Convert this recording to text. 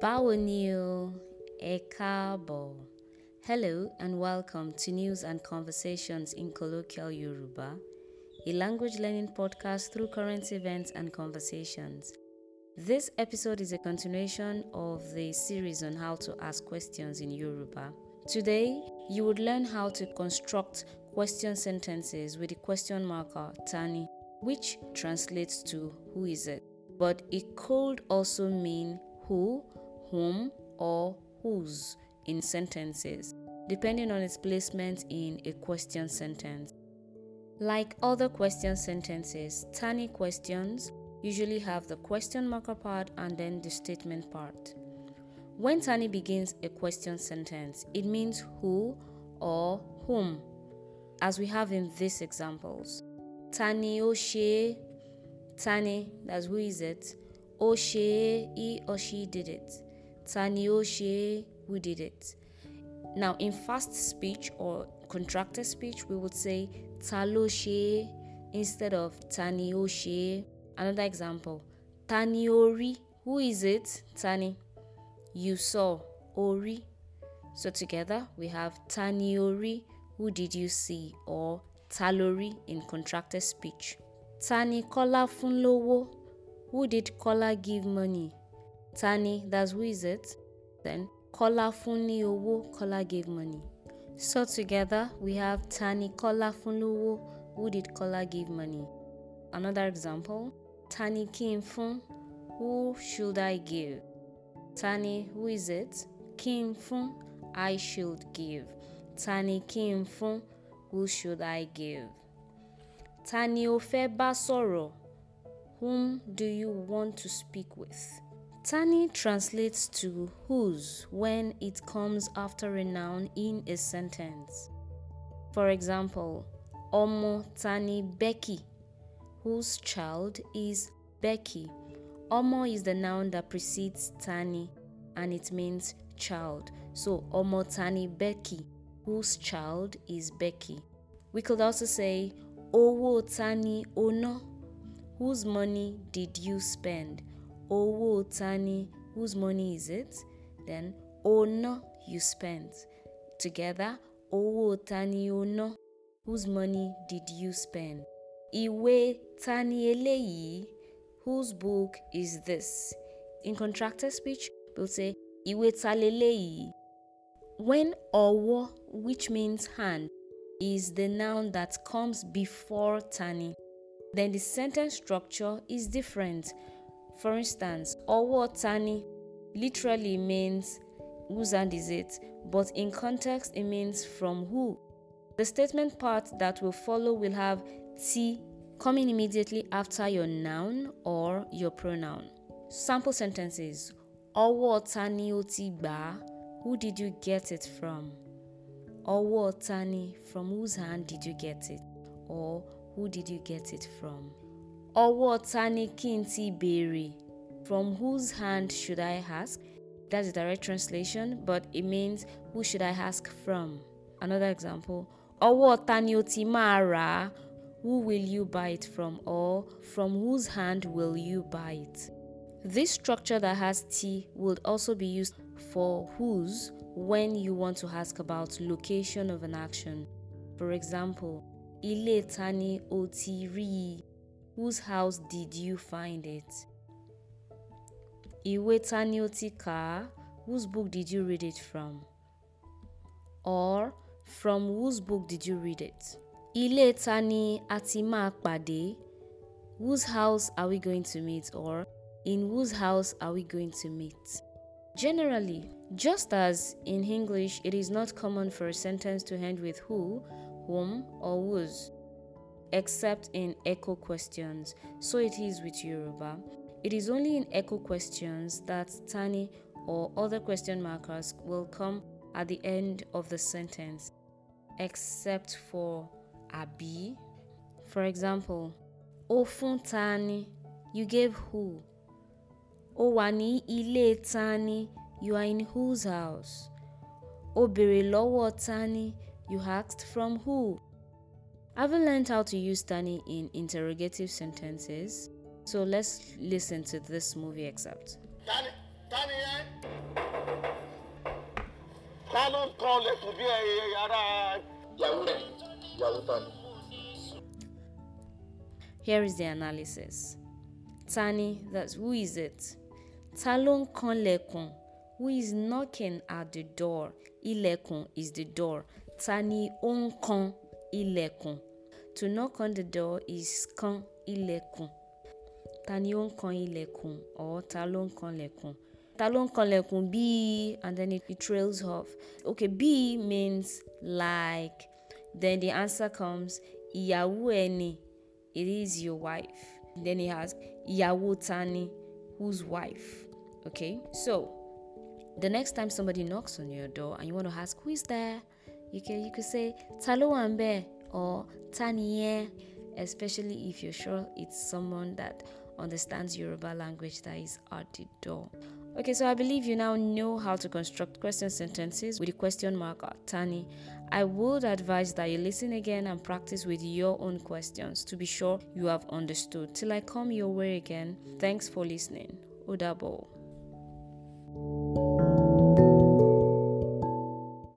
Báwo ni Hello and welcome to News and Conversations in Colloquial Yoruba, a language learning podcast through current events and conversations. This episode is a continuation of the series on how to ask questions in Yoruba. Today, you would learn how to construct question sentences with the question marker Tani, which translates to who is it. But it could also mean who whom, or whose in sentences, depending on its placement in a question sentence. Like other question sentences, Tani questions usually have the question marker part and then the statement part. When Tani begins a question sentence, it means who or whom, as we have in these examples. Tani Oshe, Tani, that's who is it? Oshe, he or she did it. Tanioshie, who did it. Now, in fast speech or contracted speech, we would say Taloshe instead of Tanioshe. Another example, Taniori, who is it? Tani. You saw Ori. So together we have Taniori, who did you see? Or Talori in contracted speech. Tani Kola Funlowo, who did Kola give money? Tani, that's who is it? Then Kola funi Owo, Kola gave money. So together we have Tani Kola Funluwo, who did Kola give money? Another example, Tani fun, who should I give? Tani, who is it? fun, I should give. Tani fun, who should I give? Tani Ofeba Soro, whom do you want to speak with? Tani translates to whose when it comes after a noun in a sentence. For example, Omo Tani Becky, whose child is Becky. Omo is the noun that precedes Tani and it means child. So Omo Tani Becky, whose child is Becky. We could also say Owo Tani Ono, whose money did you spend? Owo tani, whose money is it? Then ono, you spent. Together, owo tani ono, whose money did you spend? Iwe tani eleyi, whose book is this? In contracted speech, we'll say iwe taleleyi. When owo, which means hand, is the noun that comes before tani, then the sentence structure is different for instance, Owo Tani literally means whose hand is it, but in context it means from who. The statement part that will follow will have T coming immediately after your noun or your pronoun. Sample sentences Owo Tani Otigba, who did you get it from? Owo Tani, from whose hand did you get it? Or who did you get it from? ọwọ́ ta ni kinti n from whose hand should I ask? That's a direct translation, but it means who should I ask from? Another example, ọwọ́ ta ni o ti Who will you buy it from? Or from whose hand will you buy it? This structure that has T would also be used for whose when you want to ask about location of an action. For example, ilé tani o ti Whose house did you find it? Iwe Tanioti Ka, whose book did you read it from? Or from whose book did you read it? Ile Tani Atima Pade, whose house are we going to meet? Or in whose house are we going to meet? Generally, just as in English, it is not common for a sentence to end with who, whom, or whose except in echo questions. So it is with Yoruba. It is only in echo questions that Tani or other question markers will come at the end of the sentence, except for Abi. For example, O fun Tani, you gave who? O wani ile Tani, you are in whose house? O bere lowo Tani, you asked from who? Having learned how to use "tani" in interrogative sentences, so let's listen to this movie excerpt. Here is the analysis. Tani, that's who is it? Talon konlekun, who is knocking at the door. Ilekun is the door. Tani onkon ilekun to knock on the door is kan ilẹ̀kùn. Ta ni ó ń kan ilẹ̀kùn or ta ló ń kan ilẹ̀kùn? Ta ló kan ilẹ̀kùn bí and then it, it trails off. Okay, bí means like. Then the answer comes ìyàwó ẹni. It is your wife. Then he has ìyàwó tani, whose wife. Okay, so the next time somebody knocks on your door and you want to ask who is there, you can you could say talo ambe or taniye, especially if you're sure it's someone that understands Yoruba language that is at the door. Okay, so I believe you now know how to construct question sentences with the question mark or Tani. I would advise that you listen again and practice with your own questions to be sure you have understood. Till I come your way again, thanks for listening. Udabo.